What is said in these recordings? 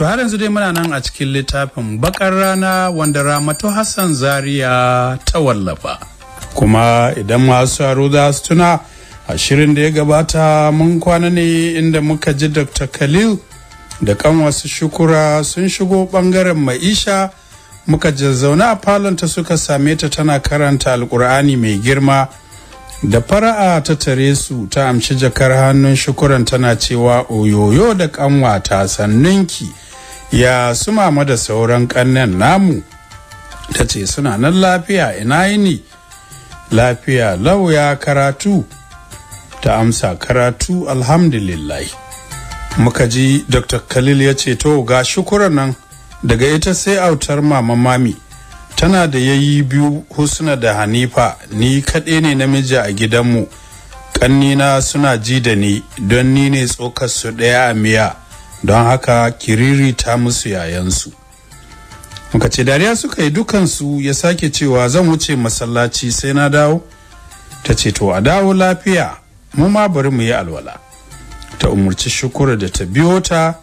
To har yanzu dai muna nan a cikin littafin bakar rana wanda Ramatu Hassan Zaria ta wallafa. Kuma idan masu yaro za su tuna a shirin da ya gabata mun kwana ne inda muka ji Dr. Khalil da kan wasu shukura sun shigo bangaren ma'isha muka ji zaune a falonta suka same ta tana karanta alkur'ani mai girma da fara'a ta tare su ta amshi jakar hannun shukuran tana cewa oyoyo da kanwa ta sannunki ya su mama da sauran kannen namu ta ce suna nan lafiya ina yini lafiya lauya karatu ta amsa karatu alhamdulillah muka ji dr khalil ya ce to ga shukura nan daga ita sai autar mama mami tana da yayi biyu husna da hanifa ni kaɗai ne namiji a gidanmu ƙannina suna ji da ni don ni ne tsokar su ɗaya a miya don haka kiriri ta musu yayansu muka ce dariya suka yi dukansu ya sake cewa zan wuce masallaci sai na dawo ta ce to a dawo lafiya mu ma bari mu yi alwala ta umarci shukura da ta biyo ta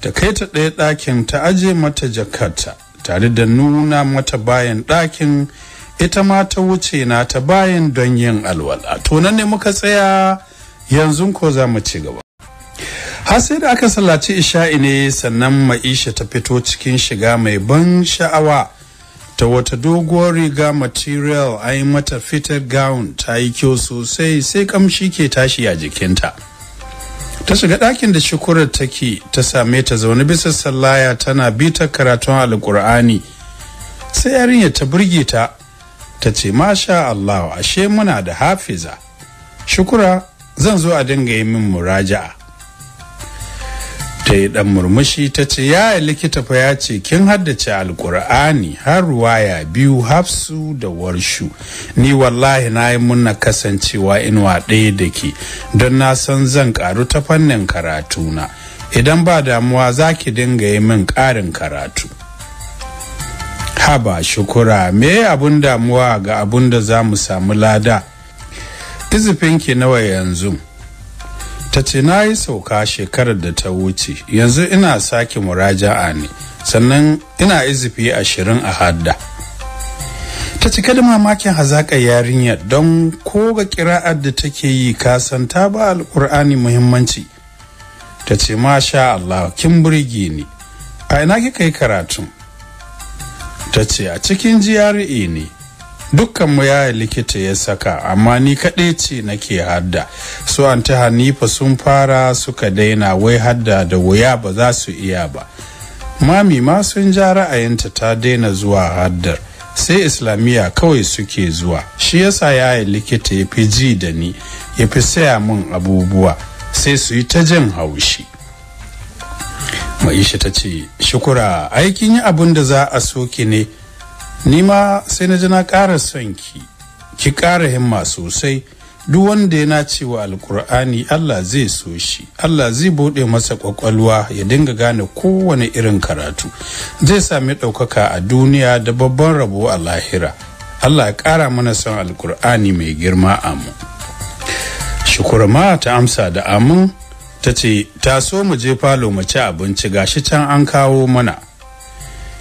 ta kai ta ɗaya ɗakin ta aje mata jakarta tare da nuna mata bayan ɗakin ita ma ta wuce na ta bayan don yin alwala to nan ne muka tsaya yanzu ko za mu ci gaba har sai da aka sallaci isha'i ne sannan maisha ta fito cikin shiga mai ban sha'awa ta wata doguwar riga material a yi mata fitted gown ta yi kyau sosai sai kamshi ke tashi a jikinta ta shiga ɗakin da shukurar take ta same ta zaune bisa sallaya tana bita karatun alkur'ani sai yarinya ta burge ta ta ce masha Allah ashe muna da hafiza shukura zan zo a dinga yi min muraja'a ta yi dan murmushi ta ce yaya likita fa ya ce kin haddace alkur'ani har ruwaya biyu hafsu da warshu ni wallahi na yi munna kasancewa inuwa ɗaya da ke don na san zan karu ta fannin karatuna idan ba damuwa za ki dinga yi min ƙarin karatu haba shukura me abun damuwa ga abun da za mu samu lada izifinki nawa yanzu ta ce na yi sauka shekarar da ta wuce yanzu ina sake muraja'a ne sannan ina izifi ashirin a hadda ta cika da mamakin hazaƙar yarinya don ko ga kira'ar da take yi kasan ta ba alƙur'ani muhimmanci ta ce masha Allah kin burge ni a ina kika yi karatun ta ce a cikin GRA ne dukkanmu yaya likita ya saka amma ni kaɗai ce nake hadda su an ta hanifa sun fara suka daina wai hadda da wuya ba za su iya ba mami ma sun ja ra'ayinta ta daina zuwa haddar sai islamiyya kawai suke zuwa shi yasa yaya likita ya fi ji da ni ya fi saya min abubuwa sai su yi ta jin haushi maisha ta ce shukura aikin yi abin da za a soke ne ni ma sai na ji na ƙara son ki ki ƙara himma sosai duk wanda ya na cewa alkur'ani Allah zai so shi Allah zai bude masa kwakwalwa ya dinga gane kowane irin karatu zai sami ɗaukaka a duniya da babban rabo a lahira Allah ya ƙara mana son alkur'ani mai girma a mu shukurma ta amsa da amin ta ce ta so mu je falo mu ci abinci gashi can an kawo mana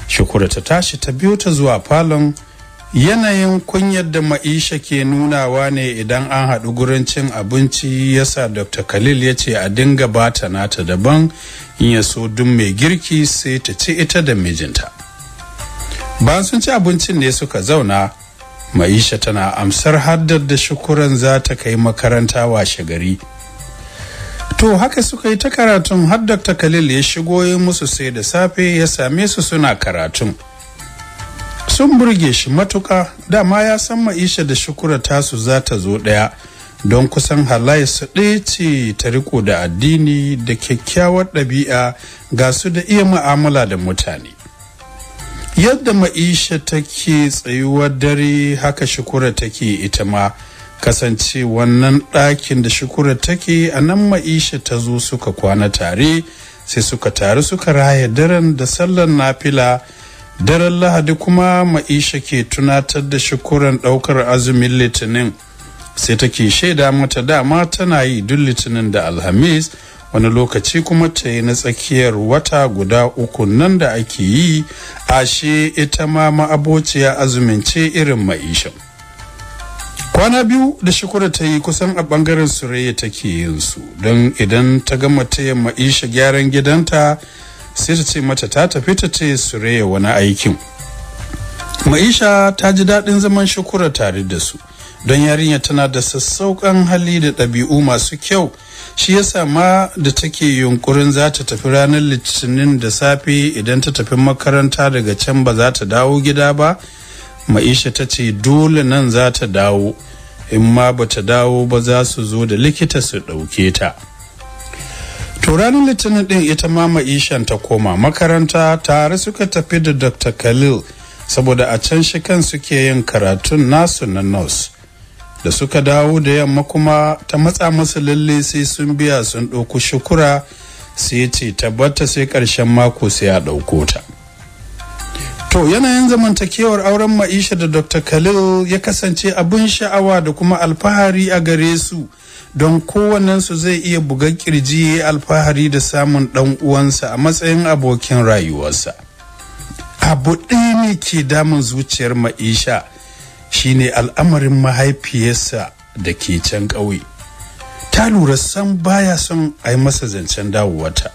shukura ta tashi ta biyo ta zuwa falon yanayin kunyar da ma'isha ke nunawa ne idan an haɗu gurin cin abinci yasa dr khalil ya ce a dinga bata nata daban in ya so duk mai girki sai ta ci ita da mijinta bayan sun ci abincin ne suka zauna ma'isha tana amsar haddar da shukuran za ta kai makaranta washe gari to haka suka yi ta karatun har dr khalil ya shigo ya musu sai da safe ya same su suna karatun sun burge shi matuka dama ya san ma'isha da shukura tasu za ta zo ɗaya don kusan halaye su ɗaya ta riko da addini da kyakkyawar ɗabi'a ga su da iya mu'amala da mutane yadda ma'isha take tsayuwar dare haka shukura take ita ma kasance wannan ɗakin da shukura take a nan ma'isha ta zo suka kwana tare sai suka tare suka raya daren da sallar nafila daren lahadi kuma ma'isha ke tunatar da shukuran ɗaukar azumin litinin sai take shaida mata dama tana yi duk litinin da alhamis wani lokaci kuma ta yi na tsakiyar wata guda uku nan da ake yi ashe ita ma ma'abociya azumin ce irin ma'ishan kwana biyu da shukura ta yi kusan a bangaren surayya take yin su don idan ta gama taya ma'isha gyaran gidanta sai ta ce mata ta tafi ta ce surayya wani aikin ma'isha ta ji daɗin zaman shukura tare da su don yarinya tana da sassauƙan hali da ɗabi'u masu kyau shi yasa ma da take yunkurin za ta tafi ranar litinin da safe idan ta tafi makaranta daga can ba za ta dawo gida ba ma'isha ta ce dole nan za ta dawo in ma ba ta dawo ba za su zo da likita su ɗauke ta to ranar litinin ɗin ita ma ma'ishan ta koma makaranta tare suka tafi da dr khalil saboda a can shi kan suke yin karatun nasu na nos da suka dawo da yamma kuma ta matsa masa lalle sai sun biya sun ɗauko shukura sai ce tabbata sai ƙarshen mako sai a ɗauko ta. To yanayin zamantakewar auren ma'isha da Dr. Khalil ya kasance abin sha'awa da kuma alfahari a gare su don kowannensu zai iya buga kirji alfahari da samun ɗan uwansa a matsayin abokin rayuwarsa. Abu ɗaya ne ke damun zuciyar ma'isha shine al'amarin mahaifiyarsa da ke can ƙauye. Ta lura san baya son a yi masa zancen dawowata.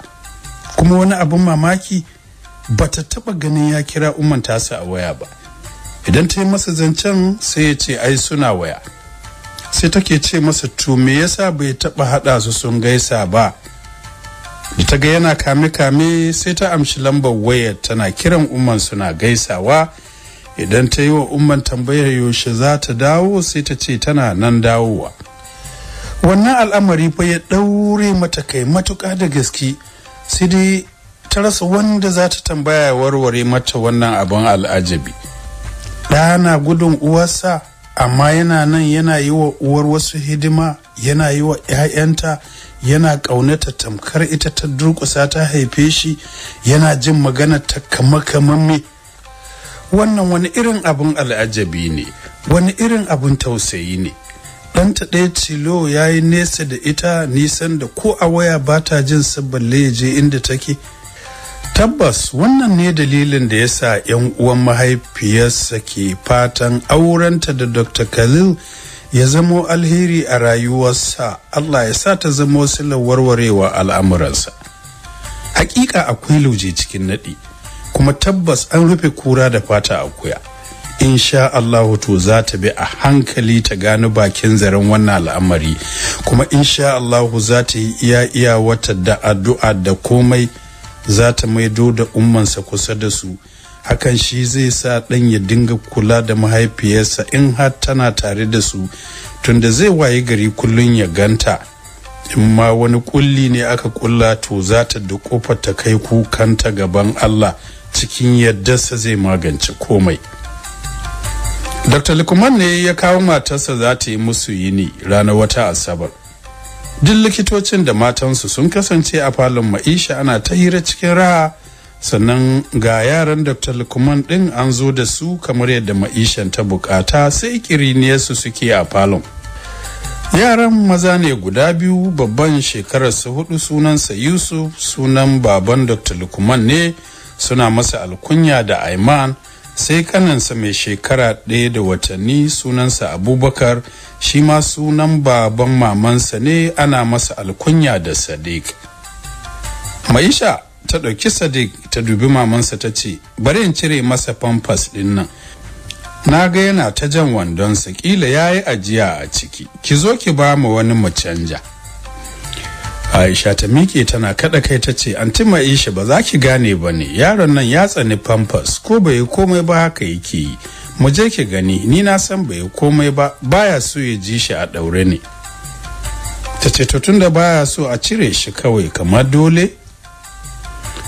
Kuma wani abin mamaki ba ta taba ganin ya kira umman tasa a waya ba idan ta yi masa zancen sai ya ce ai suna waya sai take ce masa to me yasa bai taba hada su sun gaisa ba da ta ga yana kame-kame sai ta amshi lambar wayar tana kiran umman suna gaisawa idan ta yi wa umman tambayar yaushe za ta dawo sai ta ce tana nan dawowa wannan al'amari fa ya ɗaure mata kai matuƙa da gaske sai dai ta rasa wanda za ta tambaya warware mata wannan abin al'ajabi Ɗa na gudun uwarsa amma yana nan yana yi wa uwar wasu hidima yana yi wa 'ya'yanta yana ƙaunata tamkar ita ta durƙusa ta haife shi yana jin magana ta kama me. wannan wani irin abin al'ajabi ne wani irin abin tausayi ne ɗanta ɗaya tilo ya yi nesa da ita nisan da ko a waya ba ta jin sabbin je inda take tabbas wannan ne dalilin da ya sa 'yan uwan mahaifiyarsa ke fatan aurenta da dr khalil ya zamo alheri a rayuwarsa allah ya sa ta zamo silar warwarewa al'amuransa hakika akwai lauje cikin naɗi kuma tabbas an rufe kura da fata akuya insha Allahu to za ta bi a hankali ta gano bakin zaren wannan al'amari kuma insha Allahu za ta yi iya iya wata da addu'a da komai za ta maido da ummansa kusa da su hakan shi zai sa ɗan ya dinga kula da mahaifiyarsa in har tana tare da su tunda zai waye gari kullum ya ganta in ma wani kulli ne aka kulla to za ta da kofar ta kai kukanta gaban Allah cikin yaddarsa zai magance komai dr likuman ne ya kawo matarsa za ta yi musu yini ranar wata asabar duk likitocin da matansu sun kasance a falon ma'isha ana ta hira cikin raha sannan ga yaran dr lukman din an zo da su kamar yadda ma'ishan ta bukata sai kiriniyarsu suke a falon yaran maza ne guda biyu babban shekarar su hudu sunansa yusuf sunan baban dr lukman ne suna masa alkunya da aiman sai kanansa mai shekara ɗaya da watanni sunansa abubakar shi ma sunan baban mamansa ne ana masa alkunya da sadiq maisha ta ɗauki sadiq ta dubi mamansa ta ce bari in cire masa famfas ɗin nan na ga yana ta jan wandonsa ƙila ya yi ajiya a ciki ki zo ki ba mu wani mu canja aisha ta miƙe tana kaɗa kai ta ce anti ma'isha ba za ki gane ba ne yaron nan ya tsani pampas ko bai yi komai ba haka yake yi mu je ki gani ni na san bai yi komai ba baya so ya ji shi a ɗaure ne ta ce to tunda baya so a cire shi kawai kamar dole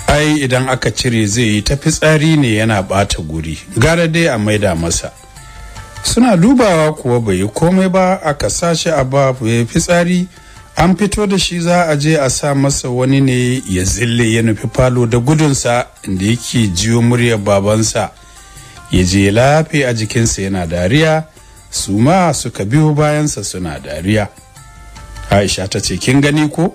ai idan aka cire zai yi ta fitsari ne yana bata guri gara dai a maida masa suna dubawa kuwa bai yi komai ba aka sashi a babu ya fitsari an fito da shi za a je a sa masa wani ne ya zille ya nufi falo da gudunsa da yake jiyo muryar babansa ya je lafi a jikinsa yana dariya su ma suka biyo bayansa suna dariya aisha ta ce kin gani ko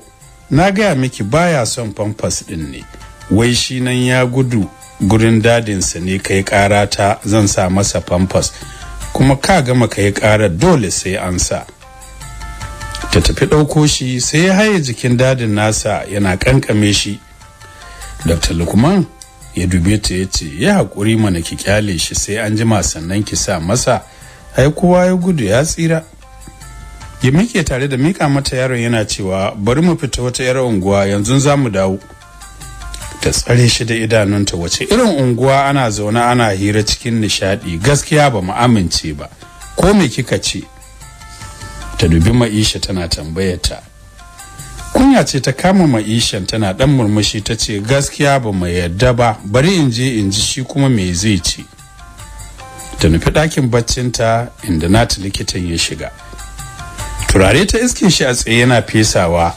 na gaya miki baya son famfas din ne wai shi nan ya gudu gurin dadinsa ne kai ta zan sa masa famfas kuma ka gama kai ƙara dole sai an sa ta tafi ɗauko shi sai ya haye jikin dadin nasa yana kankame shi dr lukman ya dube ta ya ce ya haƙuri mana ki kyale shi sai an jima sannan ki sa masa ai kowa ya gudu ya tsira ya mike tare da mika mata yaron yana cewa bari mu fita wata yar unguwa yanzu za mu dawo ta tsare shi da idanunta wace irin unguwa ana zaune ana hira cikin nishadi gaskiya ba mu amince ba ko me kika ce ta dubi ma'isha tana tambaya ta kunya ce ta kama ma'ishan tana dan murmushi ta ce gaskiya ba mai yadda ba bari in je in ji shi kuma me zai ce ta nufi ɗakin baccinta inda nata likitan ya shiga turare ta iske shi a tsaye yana fesawa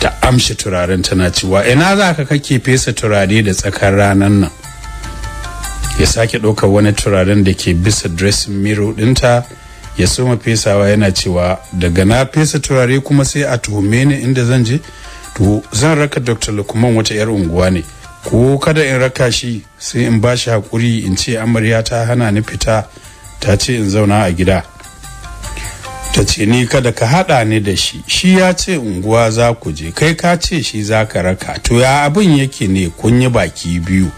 ta amshi turaren tana cewa ina za ka kake fesa turare da tsakar ranar nan ya sake ɗaukar wani turaren da ke bisa dressing mirror ɗinta ya soma fesawa yana cewa daga na fesa turare kuma sai a tuhume ni inda zan je to zan raka dr lukman wata yar unguwa ne ko kada in raka shi sai in ba shi haƙuri in ce amarya ta hana ni fita ta ce in zauna a gida ta ce ni kada ka haɗa ni da shi shi ya ce unguwa za ku je kai ka ce shi za ka raka to ya abin yake ne kun yi baki biyu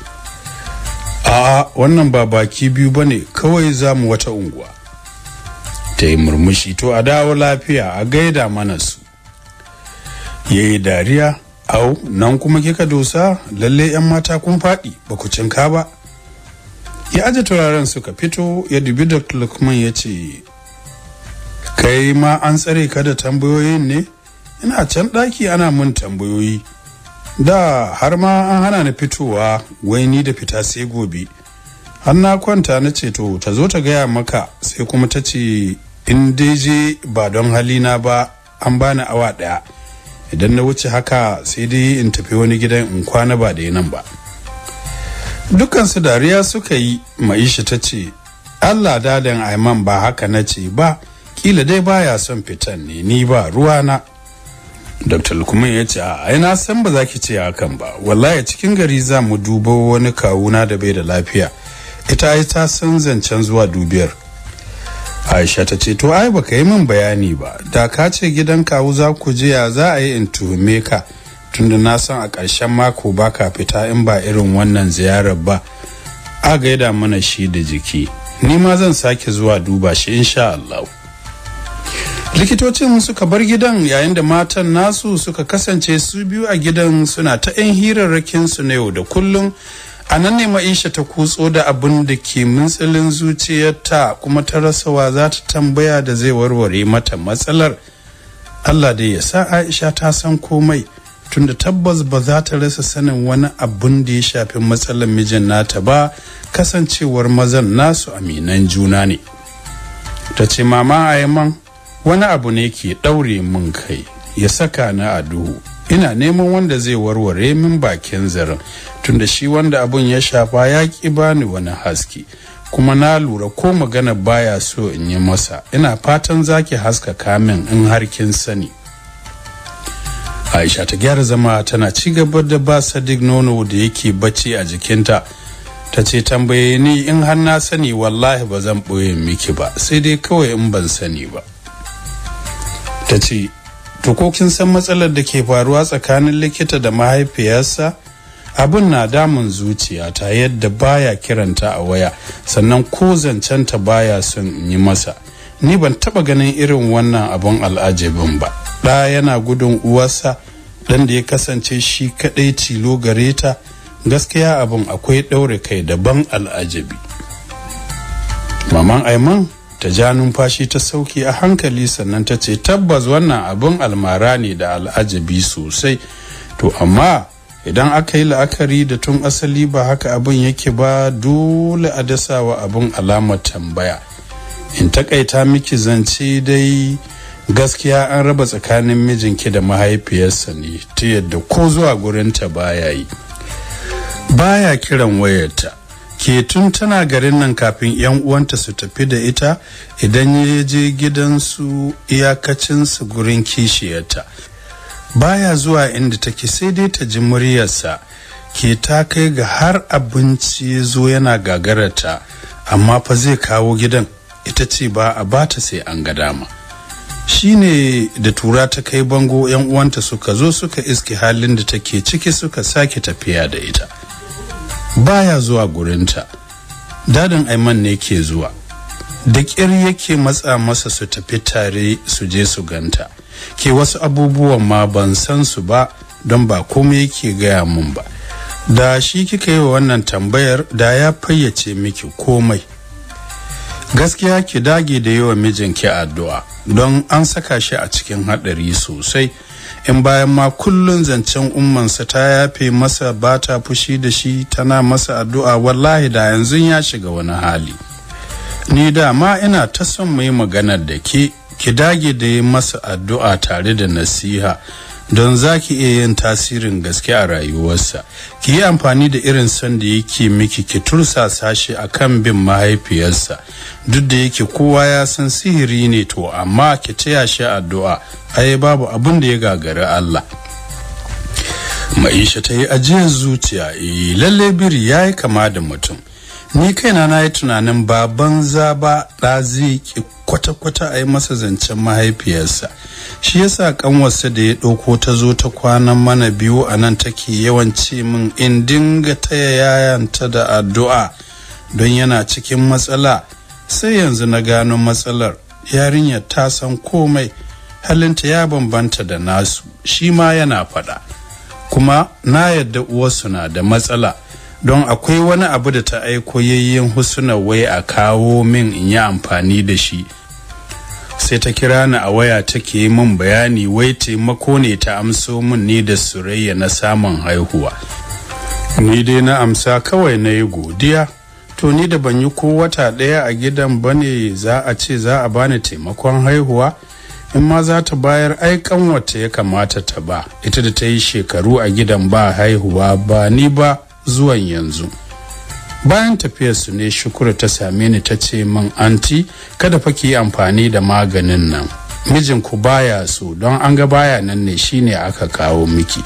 a'a wannan ba baki biyu bane kawai za mu wata unguwa ta yi murmushi to a dawo lafiya a gaida mana su ya yi dariya au nan kuma kika dosa lalle 'yan mata kun faɗi ba ku cinka ba ya aje turaren suka fito ya dubi da lukman ya ce kai ma an tsare ka da tambayoyin ne ina can ɗaki ana mun tambayoyi da har ma an hana ni fitowa wai ni da fita sai gobe An na kwanta na ceto, ta zo ta gaya maka sai kuma ta ce in dai je ba don halina ba an bani awa daya idan na wuce haka sai dai in tafi wani gidan in kwana ba da nan ba dukansu dariya suka yi maisha ta ce allah dadan aiman ba haka na ce ba kila dai baya son fitan ne ni ba ruwana dr lukman ya ce a na san ba za ki ce hakan ba wallahi cikin gari za mu dubo wani kawuna da bai da lafiya ita ai ta san zancen zuwa dubiyar aisha ta ce to ai baka yi min bayani ba da ka ce gidan kawu za ku je ya za a yi in tuhume ka tunda na san a ƙarshen mako ba ka fita in ba irin wannan ziyarar ba a gaida mana shi da jiki ni ma zan sake zuwa duba shi insha Allah likitocin suka bar gidan yayin da matan nasu suka kasance su biyu a gidan suna ta 'yan hirarrakin su na yau da kullum a nan ne ma'isha ta kutso da abin da ke mintsilin zuciyarta kuma ta rasawa za ta tambaya da zai warware mata matsalar allah da ya sa aisha ta san komai tunda tabbas ba za ta rasa sanin wani abin da ya shafi matsalar mijin nata ba kasancewar mazan nasu aminan juna ne ta ce mama a wani abu ne ke ɗaure min kai ya saka na a duhu ina neman wanda zai warware min bakin zarin tunda shi wanda abun ya shafa ya ki bani wani haske kuma na lura ko magana baya so in yi masa ina fatan zaki haska kamin in har kin sani aisha ta gyara zama tana ci gaba da ba sadiq nono da yake bacci a jikinta ta ce tambaye ni in har na sani wallahi ba zan ɓoye miki ba sai dai kawai in ban sani ba ta ce to ko kin san matsalar da ke faruwa tsakanin likita da mahaifiyarsa abin na damun zuciya ta yadda baya kiranta a waya sannan ko zancenta baya son yi masa ni ban taba ganin irin wannan abun al'ajabin ba ɗa yana gudun uwarsa ɗan da ya kasance shi kaɗai tilo gare ta gaskiya abin akwai ɗaure kai daban al'ajabi maman aiman ta ja numfashi ta sauki a hankali sannan ta ce tabbas wannan abin almara ne da al'ajabi sosai to amma idan aka yi la'akari da tun asali ba haka abin yake ba dole a dasawa abin alama tambaya in takaita miki zance dai gaskiya an raba tsakanin mijinki da mahaifiyarsa ne ta yadda ko zuwa gurinta baya yi baya kiran wayarta ke tun tana garin nan kafin yan uwanta su tafi da ita idan ya je gidansu iyakacinsu gurin kishiyarta baya zuwa inda take sai dai ta ji muryarsa ke ta kai ga har abinci ya zo yana gagararta amma fa zai kawo gidan ita ce ba a bata sai an ga dama shine da tura ta kai bango yan uwanta suka zo suka iske halin da take ciki suka sake tafiya da ita baya zuwa gurinta dadin aiman ne ke zuwa da ƙir yake matsa masa su tafi tare su je su ganta ke wasu abubuwan ma ban san su ba don ba komai yake gaya mun ba da shi kika yi wa wannan tambayar da ya fayyace miki komai gaskiya ki dage da yiwa mijinki addu'a don an saka shi a cikin haɗari sosai in bayan ma kullun zancen ummansa ta yafe masa bata fushi da shi tana masa addu'a wallahi da yanzu ya shiga wani hali ni da ma ina ta son mu yi maganar da ke ki dage da yi masa addu'a tare da nasiha don za ki iya yin tasirin gaske a rayuwarsa ki yi amfani da irin son da yake miki ki tursasa shi a kan bin mahaifiyarsa duk da yake kowa ya san sihiri ne to amma ki taya shi addu'a ai babu abin da ya gagari Allah maisha ta yi ajiyar zuciya eh, lallai biri ya yi kama da mutum ni kaina na yi tunanin baban zaba ba da zai ki kwata-kwata a yi masa zancen mahaifiyarsa shi ya yasa kanwarsa da ya ɗauko ta zo ta kwanan mana biyu a nan take yawan ce min in dinga taya yayanta da addu'a don yana cikin matsala sai yanzu na gano matsalar yarinyar ta san komai halinta ya bambanta da nasu shi ma yana faɗa kuma na yadda uwarsu na da matsala don akwai wani abu da ta aiko yayyen husuna wai a kawo min in yi amfani da shi sai ta kira ni a waya take yi min bayani wai taimako ne ta amso min ne da surayya na samun haihuwa ni dai na amsa kawai na yi godiya to ni da ban yi ko wata ɗaya a gidan ba ne za a ce za a bani taimakon haihuwa in ma za ta bayar aikan wata ya kamata ta ba ita da ta yi shekaru a gidan ba haihuwa ba ni ba zuwan yanzu bayan su ne shukura ta same ni ta ce min anti kada fa ki yi amfani da maganin nan mijinku baya so don an ga baya nan ne shine aka kawo miki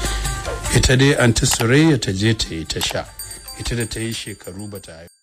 ita dai anti surayya ta je ta yi ta sha ita da ta yi shekaru bata